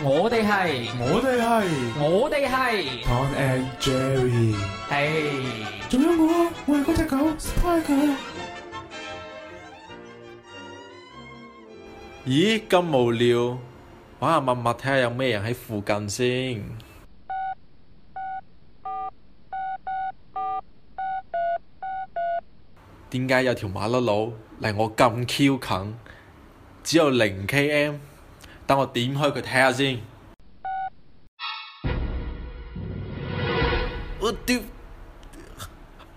我哋係，我哋係，我哋係。Tom and Jerry 欸。仲有我，我係嗰隻狗，狗，Spy 狗。咦？咁無聊，玩下陌陌睇下有咩人喺附近先。點解有條馬騮佬嚟我咁 q 近？只有零 km。等我點開佢睇下先。我屌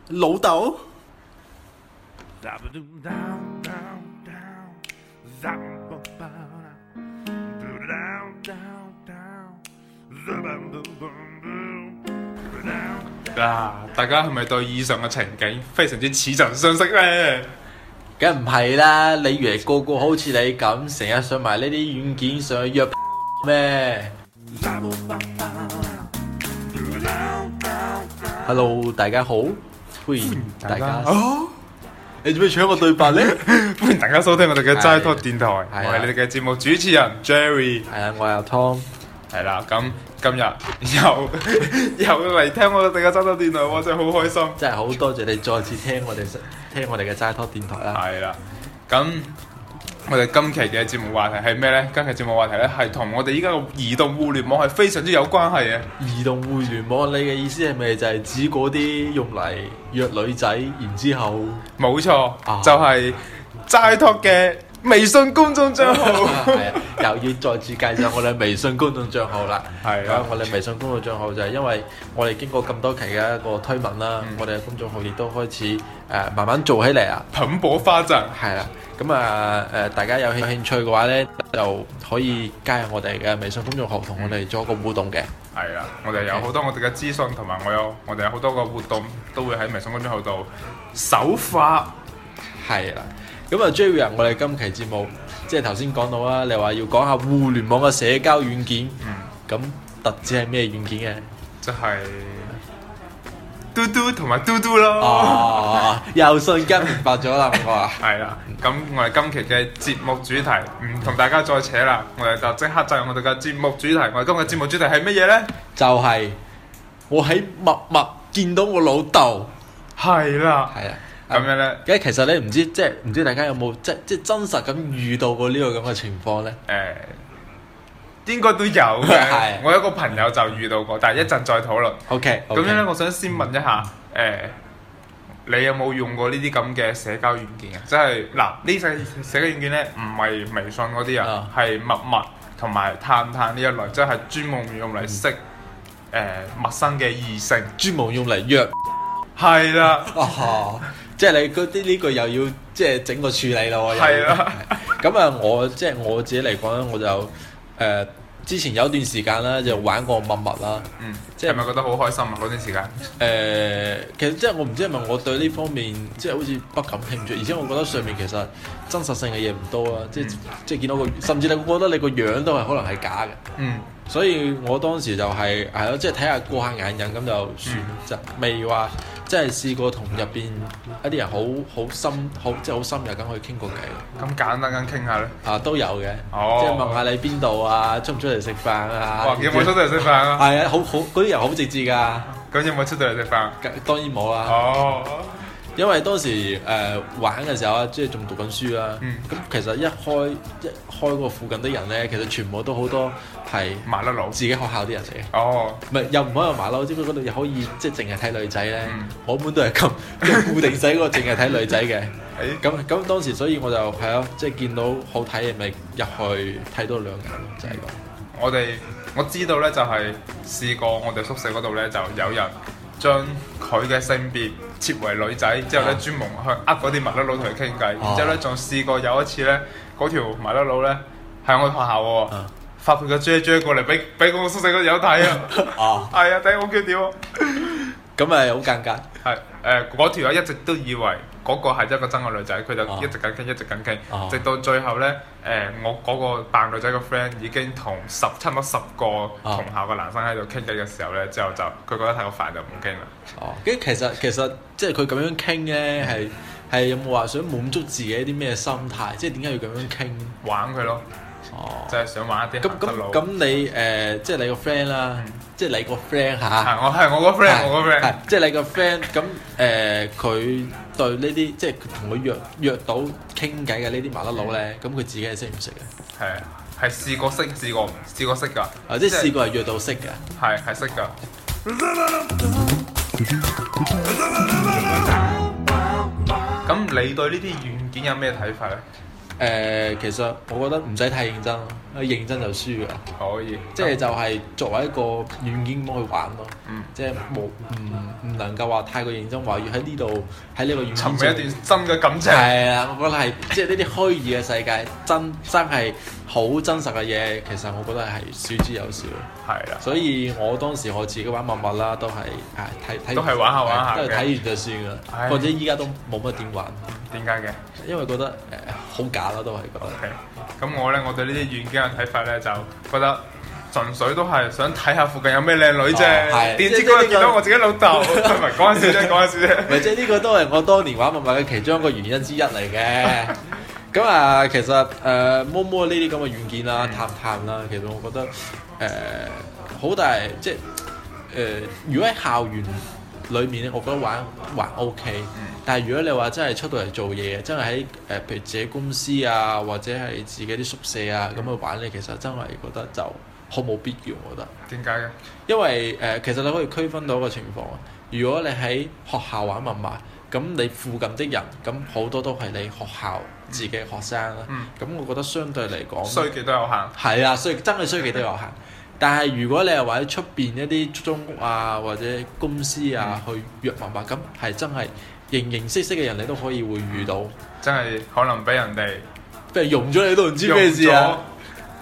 老豆？嗱，大家係咪對以上嘅情景非常之似曾相識呢？梗唔係啦，你以為個個好似你咁，成日上埋呢啲軟件上去約咩？Hello，大家好，歡迎大家。等等哦、你好，你做咩搶我對白咧？ 歡迎大家收聽我哋嘅齋 talk 電台，我係你哋嘅節目主持人 Jerry。係啊，我係 Tom。係啦，咁。今日又 又嚟聽我哋嘅齋托電台，我真係好開心，真係好多謝你再次聽我哋聽我哋嘅齋托電台啦。係啦，咁我哋今期嘅節目話題係咩呢？今期節目話題呢係同我哋依家嘅移動互聯網係非常之有關係嘅。移動互聯網，你嘅意思係咪就係指嗰啲用嚟約女仔，然之後冇錯，就係齋托嘅。微信公眾賬號係 又要再次介紹我哋微信公眾賬號啦。係啊， 我哋微信公眾賬號就係因為我哋經過咁多期嘅一個推文啦，嗯、我哋嘅公眾號亦都開始誒、呃、慢慢做起嚟啊，蓬勃發展。係啦，咁啊誒，大家有興興趣嘅話呢，就可以加入我哋嘅微信公眾號，同我哋做一個互動嘅。係啊， 我哋有好多我哋嘅資訊，同埋我有我哋有好多個活動，都會喺微信公眾號度首發。係啦。咁啊 Jewy 我哋今期節目即係頭先講到啦，你話要講下互聯網嘅社交軟件，咁、嗯、特指係咩軟件嘅？即係、就是、嘟嘟同埋嘟嘟咯、哦。又瞬間明白咗啦，我話係啦。咁我哋今期嘅節目主題唔同大家再扯啦，我哋就即刻就入我哋嘅節目主題。我哋今日節目主題係乜嘢呢？就係我喺陌陌見到我老豆的。係啦的。係啊。咁樣咧，其實咧，唔知即係唔知大家有冇即係真實咁遇到過呢個咁嘅情況呢？誒，應該都有嘅。我有個朋友就遇到過，但係一陣再討論。OK，咁樣咧，我想先問一下，誒，你有冇用過呢啲咁嘅社交軟件啊？即係嗱，呢啲社交軟件咧，唔係微信嗰啲啊，係陌陌同埋探探呢一類，即係專門用嚟識陌生嘅異性，專門用嚟約。係啦。即係你啲呢句又要即係整個處理咯，咁啊！我，是啊 我即係我自己嚟講我就誒、呃、之前有段時間啦，就玩過密密啦，嗯，即係咪覺得好開心啊？嗰段時間誒、呃，其實即係我唔知係咪我對呢方面即係好似不感興趣，而且我覺得上面其實真實性嘅嘢唔多啊、嗯。即係即係見到個，甚至你覺得你個樣都係可能係假嘅，嗯，所以我當時就係係咯，即係睇下過下眼癮咁就算，就、嗯、未話。即係試過同入邊一啲人好好深，好即係好深入咁去傾過偈咯。咁簡單咁傾下咧？啊，都有嘅，oh. 即係問下你邊度啊，出唔出嚟食飯啊？有冇出到嚟食飯啊？係 啊，好好嗰啲人好直接噶、啊。咁有冇出到嚟食飯、啊？當然冇啦、啊。Oh. 因為當時誒、呃、玩嘅時候啊，即係仲讀緊書啦。咁、嗯、其實一開一開嗰附近啲人咧，其實全部都好多係麻甩佬，自己學校啲人嚟。哦，唔係又唔可能馬騮，只不過嗰度又可以即係淨係睇女仔咧。嗯、我本都係咁，即 固定仔嗰、那個淨係睇女仔嘅。咁咁 當時所以我就係咯、啊，即係見到好睇嘅咪入去睇多兩眼就係咁。我哋我知道咧就係試過我哋宿舍嗰度咧就有人。將佢嘅性別設為女仔，之後咧專門去呃嗰啲麻甩佬同佢傾偈，然之後咧仲試過有一次咧，嗰條麻甩佬咧係我學校喎， 發佢個 J J 過嚟俾俾我宿舍嗰友睇啊，啊，係啊，睇我驚點啊，咁咪好尷尬，係誒嗰條友一直都以為。嗰個係一個真嘅女仔，佢就一直緊傾，一直緊傾，直到最後咧，誒，我嗰個扮女仔嘅 friend 已經同十七唔十個同校嘅男生喺度傾偈嘅時候咧，之後就佢覺得太過煩就唔傾啦。哦，咁其實其實即係佢咁樣傾咧，係係有冇話想滿足自己啲咩心態？即係點解要咁樣傾？玩佢咯，即係想玩一啲。咁咁你誒，即係你個 friend 啦，即係你個 friend 嚇。我係我個 friend，我個 friend。即係你個 friend。咁誒佢。對呢啲即係同佢約約到傾偈嘅呢啲麻甩佬咧，咁佢自己係識唔識嘅？係啊，係試過識，試過唔，試過識㗎。即係、啊、試過係約到識嘅。係係識㗎。咁、嗯嗯、你對呢啲軟件有咩睇法咧？誒、呃，其實我覺得唔使太認真囉。誒認真就輸嘅，可以，即係就係作為一個軟件咁去玩咯，即係冇唔唔能夠話太過認真，話要喺呢度喺呢個軟件尋找一段新嘅感情，係啊，我覺得係即係呢啲虛擬嘅世界，真真係好真實嘅嘢，其實我覺得係少之又少咯，係啊，所以我當時我自己玩陌陌啦，都係係睇睇都係玩下玩下都係睇完就算嘅，或者依家都冇乜點玩，點解嘅？因為覺得誒好假咯，都係覺得。咁我咧，我對呢啲軟件嘅睇法咧就覺得純粹都係想睇下附近有咩靚女啫，點知今日見到我自己老豆，唔 係講下笑啫，講下笑啫，咪即係呢個都係我當年玩陌陌嘅其中一個原因之一嚟嘅。咁 啊，其實誒、呃、陌陌呢啲咁嘅軟件啦，嗯、探探啦、啊，其實我覺得誒好、呃、大，即係誒、呃、如果喺校園裏面咧，我覺得玩還 OK、嗯。但係，如果你話真係出到嚟做嘢，真係喺誒，譬如自己公司啊，或者係自己啲宿舍啊咁去、嗯、玩你其實真係覺得就好冇必要，我覺得點解嘅？為因為誒、呃，其實你可以區分到一個情況，如果你喺學校玩密密，咁你附近的人，咁好多都係你學校自己學生啦。咁、嗯、我覺得相對嚟講，衰極都有限係啊，衰真係衰極都有限。但係如果你係話喺出邊一啲出租屋啊，或者公司啊、嗯、去約密密，咁係真係。形形色色嘅人，你都可以會遇到，真係可能俾人哋俾用咗你都唔知咩了事啊！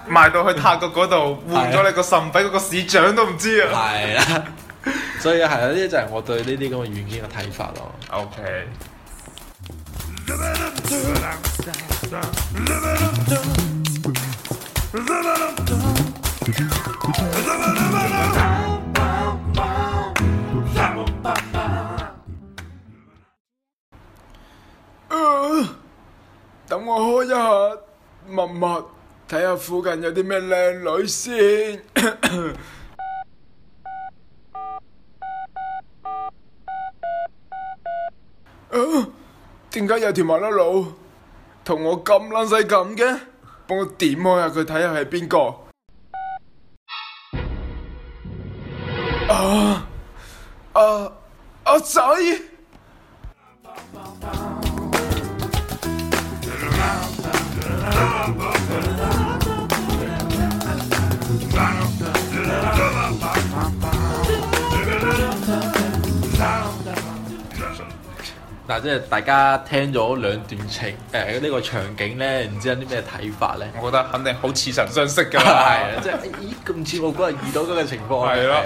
賣到去泰國嗰度換咗你個腎俾個市長都唔知啊！係啦、 啊，所以係啊，呢啲就係我對呢啲咁嘅軟件嘅睇法咯。OK。 默默睇下附近有啲咩靚女先。啊！點解有條麻甩佬同我咁撚細咁嘅？幫我點開下佢睇下係邊個。啊！啊阿仔！嗱，即係大家聽咗兩段情，誒、呃、呢、呢個場景咧，唔知有啲咩睇法咧？我覺得肯定好似曾相識噶啦， 即、就、係、是哎、咦，咁似我嗰日遇到嗰個情況啊。係咯，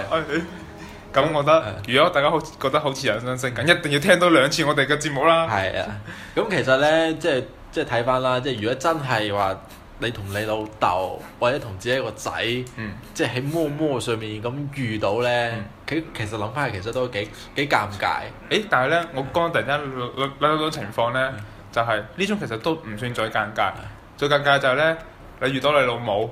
咁我覺得、呃、如果大家好覺得好似曾相識，咁一定要聽多兩次我哋嘅節目啦。係啊，咁其實咧，即係即係睇翻啦，即、就、係、是、如果真係話你同你老豆或者同自己個仔，即係喺摩摩上面咁遇到咧。嗯。其實諗返係，其實都幾幾尷尬。誒、 欸，但係咧，我剛，剛突然間諗到種情況咧，就係、是、呢種其實都唔算最尷尬，最尷尬就係咧，你遇到你老母。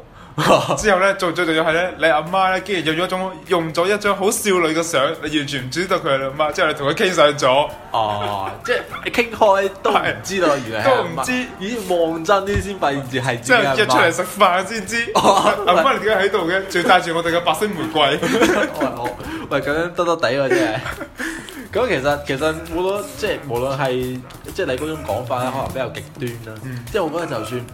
之後咧，最最重要係咧，你阿媽咧竟然用咗一種用咗一張好少女嘅相，你完全唔知道佢係你阿媽。之後你同佢傾上咗，哦、啊， 即係傾開都唔知，知道，原來都唔知，咦？望真啲先發現住係即係約出嚟食飯先知，阿媽點解喺度嘅？仲要帶住我哋嘅白色玫瑰。 喂，咁樣得得哋嘅、啊、真係。咁 其實其實好多，即係無論係即係你嗰種講法可能比較極端啦。即係、嗯、 我覺得就算。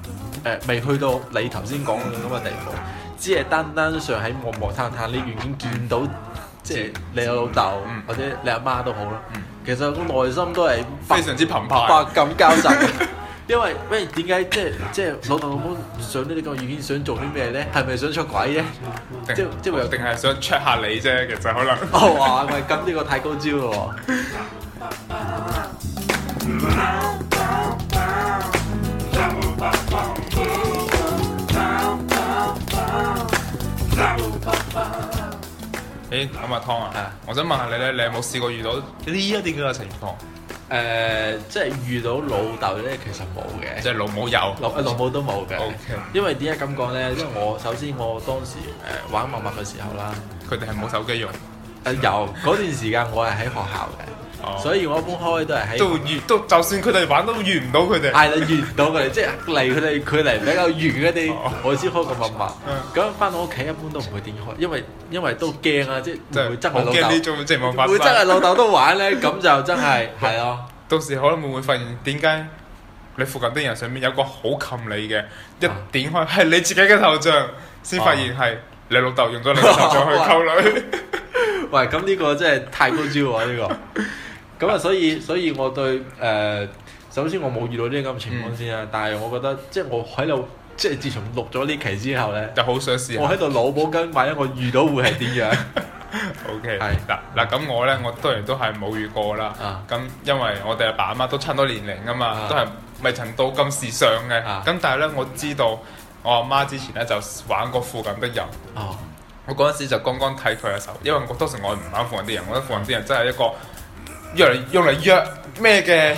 誒未、呃、去到你頭先講嘅咁嘅地步，只係單單上喺望望探探、就是，你已經見到，即係你阿老豆或者你阿媽都好啦。嗯、其實個內心都係非常之澎湃、百感交集。 因為喂點解即係即係老豆老母上呢啲咁嘅軟件想做啲咩咧？係咪想出軌啫？即即即係定係想 check 下你啫？其實可能。哦，哇、啊！咪咁呢個太高招咯～ 你打密湯啊？啊， 我想問下你咧，你有冇試過遇到呢一啲咁嘅情況？誒、呃，即係遇到老豆咧，其實冇嘅。即係老母有，老老母都冇嘅。OK。因為點解咁講咧？因為我首先我當時誒、呃、玩陌陌嘅時候啦，佢哋係冇手機用。誒、呃、有嗰段時間，我係喺學校嘅。 Oh. 所以我一般開都係喺，都遠都就算佢哋玩都遠唔 到佢哋，係啦遠唔到佢哋，即係離佢哋距離比較遠嗰啲，oh. 我先開個陌陌。咁返到屋企一般都唔會點開，因為因為都驚啊，即係唔會憎我老豆，唔 會憎啊老豆都玩咧，咁 就真係係咯。啊、到時可能會發現點解你附近啲人上面有個好近你嘅，一點開係 你自己嘅頭像，先發現係你老豆用咗你頭像去溝女。 喂，咁呢個真係太高招喎呢個。咁啊、嗯，所以所以，我對誒、呃，首先我冇遇到呢啲咁嘅情況先啊。嗯、但係我覺得，即係我喺度，即係自從錄咗呢期之後咧，就好想試。我喺度攞保金，萬一我遇到會係點樣？O K，係嗱嗱咁，我咧我當然都係冇遇過啦。咁、啊、因為我哋阿爸阿媽，媽都差唔多年齡啊嘛，都係未曾到咁時尚嘅。咁、啊、但係咧，我知道我阿媽，媽之前咧就玩過附近的人。啊、我嗰陣時就剛剛睇佢嘅時候，因為當時我唔玩附，附近啲人，我覺得附近啲人真係一個。用嚟用嚟約咩嘅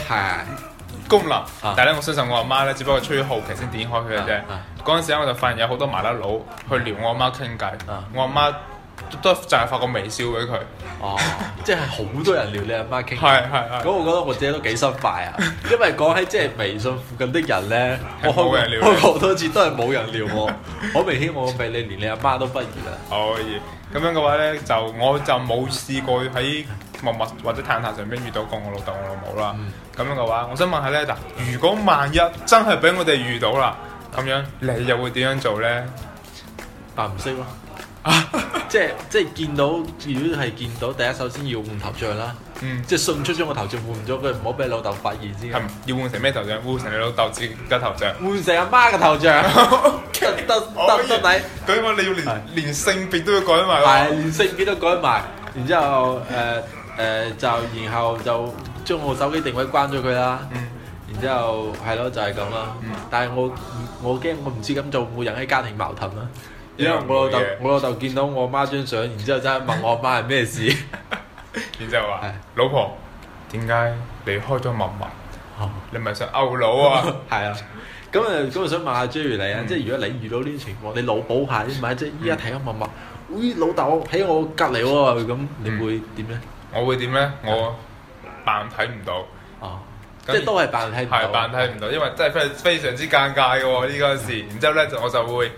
功能？啊、但係咧，我相信我阿媽咧，只不過出於好奇先點開佢嘅啫。嗰陣、啊啊、時咧，我就發現有好多麻甩佬去撩我阿媽傾偈。啊、我阿媽都係就係發個微笑俾佢。哦， 即係好多人撩你阿媽傾偈。係係係。咁我覺得我自己都幾失敗啊，因為講起即係微信附近的人咧，人我開過好多次都係冇人撩我。好 明顯我俾你連你阿媽都不如喇。可以。咁樣嘅話呢，就我就冇試過喺陌陌或者探探上邊遇到過我老豆我老母啦。咁、嗯、樣嘅話，我想問下呢，如果萬一真係俾我哋遇到啦，咁樣你又會點樣做呢？但唔識咯。 即係即係見到，如果係見到第一，首先要換頭像啦。嗯，即係迅速將個頭像換咗佢，唔好俾老豆發現先。要換成咩頭像？換成你老豆自己嘅頭像。換成阿媽嘅頭像。得得得你。咁我你要連連性別都要改埋。係，連性別都改埋。然之後誒誒就然後就將我手機定位關咗佢啦。然之後係咯，就係咁啦。但係我我驚我唔知咁做會引起家庭矛盾啦。之後我老豆我老豆見到我媽張相，然之後真係問我媽係咩事， 然之後話說是老婆點解，哦，你開咗陌陌？你咪想勾佬啊？係 啊，咁啊咁啊想問下 Judy 你啊，即係如果你遇到呢啲情況，你腦補下，點解即係依家睇緊陌陌？誒、哎，老豆喺我隔籬喎，咁你會點咧？嗯？我會點咧？是我扮睇唔到，哦，到啊，即係都係扮睇唔到，係扮睇唔到，因為真係非非常之尷尬嘅呢、這個事。嗯，然之後咧，就我就會。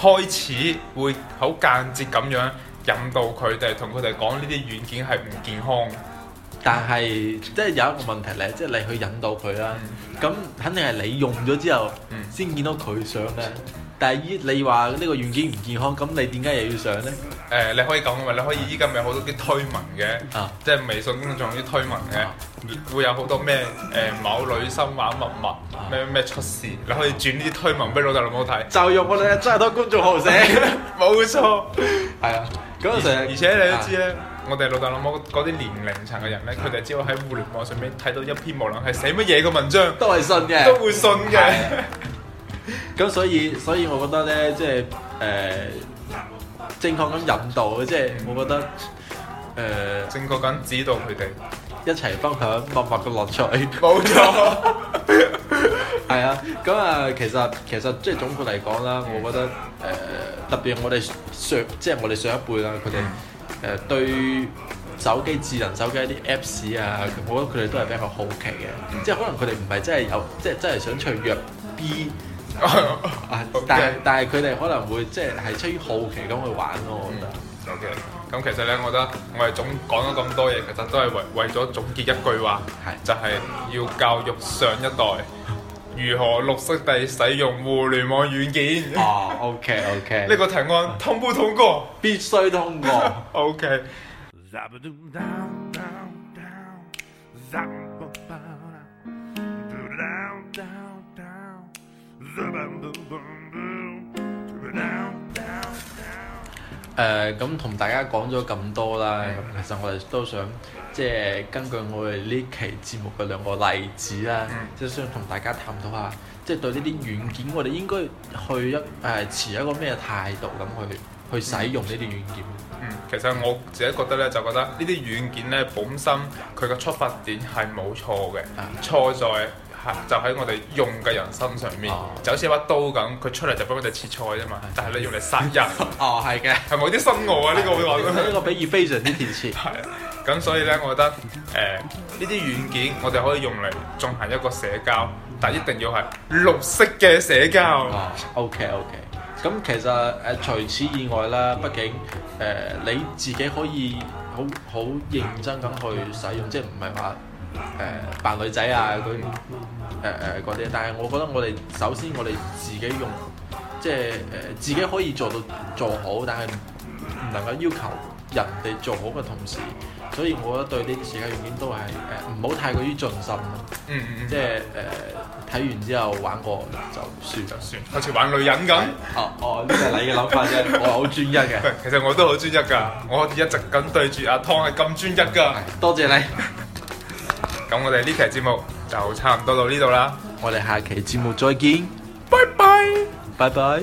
開始會好間接咁樣引導佢哋，同佢哋講呢啲軟件係唔健康。但係即係有一個問題咧，即係你去引導佢啦，咁、嗯、肯定係你用咗之後先見、嗯、到佢上嘅。但係咦你話呢個軟件唔健康，咁你點解又要上呢？誒，你可以講嘅嘛？你可以依家咪好多啲推文嘅，即係微信公眾啲推文嘅，會有好多咩誒某女生玩陌陌，咩咩出事，你可以轉啲推文俾老豆老母睇，就用我哋真係多公眾號寫，冇錯，係啊，嗰時，而且你都知咧，我哋老豆老母嗰啲年齡層嘅人咧，佢哋只會喺互聯網上面睇到一篇無論係寫乜嘢嘅文章，都係信嘅，都會信嘅。咁所以，所以我覺得咧，即係誒。正確咁引導，即係我覺得誒、呃、正確咁指導佢哋一齊分享物物嘅樂趣。冇錯，係 啊。咁啊，其實其實即係總括嚟講啦，我覺得誒、呃、特別我哋上即係我哋上一輩啦，佢哋誒對手機智能手機一啲 Apps 啊，我覺得佢哋都係比較好奇嘅。嗯、即係可能佢哋唔係真係有，即、就、係、是、真係想隨弱 B。Oh, okay. 但係但係，佢哋可能會即係係出於好奇咁去玩咯，我覺得。O K. 咁其實咧，我覺得我哋總講咗咁多嘢，其實都係為為咗總結一句話，是就係要教育上一代如何綠色地使用互聯網軟件。啊！O K. O K. 呢個提案通唔通過？必須通過。 Okay. 誒，咁同、呃、大家講咗咁多啦，嗯、其實我哋都想即係、就是、根據我哋呢期節目嘅兩個例子啦，即係、嗯、想同大家探討，討下，即、就、係、是、對呢啲軟件我哋應該去一誒、呃、持一個咩態度咁去去使用呢啲軟件？嗯，其實我自己覺得咧，就覺得呢啲軟件咧本身佢嘅出發點係冇錯嘅，錯、啊、在。就喺我哋用嘅人身上面，啊、就好似一把刀咁，佢出嚟就幫我哋切菜啫嘛。的但係你用嚟殺人？哦，係嘅，係咪有啲新穎啊？呢的個好耐的，呢個比喻非常之貼切。係，咁所以呢，我覺得誒呢啲軟件，我哋可以用嚟進行一個社交，但一定要係綠色嘅社交。OK、啊、OK, okay。咁其實誒、呃，除此以外啦，畢竟誒、呃、你自己可以。好好認真咁去使用，即係唔係話誒扮女仔啊嗰啲誒誒嗰啲，但係我覺得我哋首先我哋自己用，即係誒、呃、自己可以做到做好，但係唔能夠要求人哋做好嘅同時。所以我覺得對呢啲時間軟件都係誒唔好太過於盡心咯。嗯嗯嗯。即係誒睇完之後玩過就算就算。好似玩女人咁。啊哦，呢個係你嘅諗法啫，我係好專一嘅。唔係，其實我都好專一㗎，我可以一直咁對住阿湯係咁專一㗎。多謝你。咁我哋呢期節目就差唔多到呢度啦，我哋下期節目再見。拜拜，拜拜。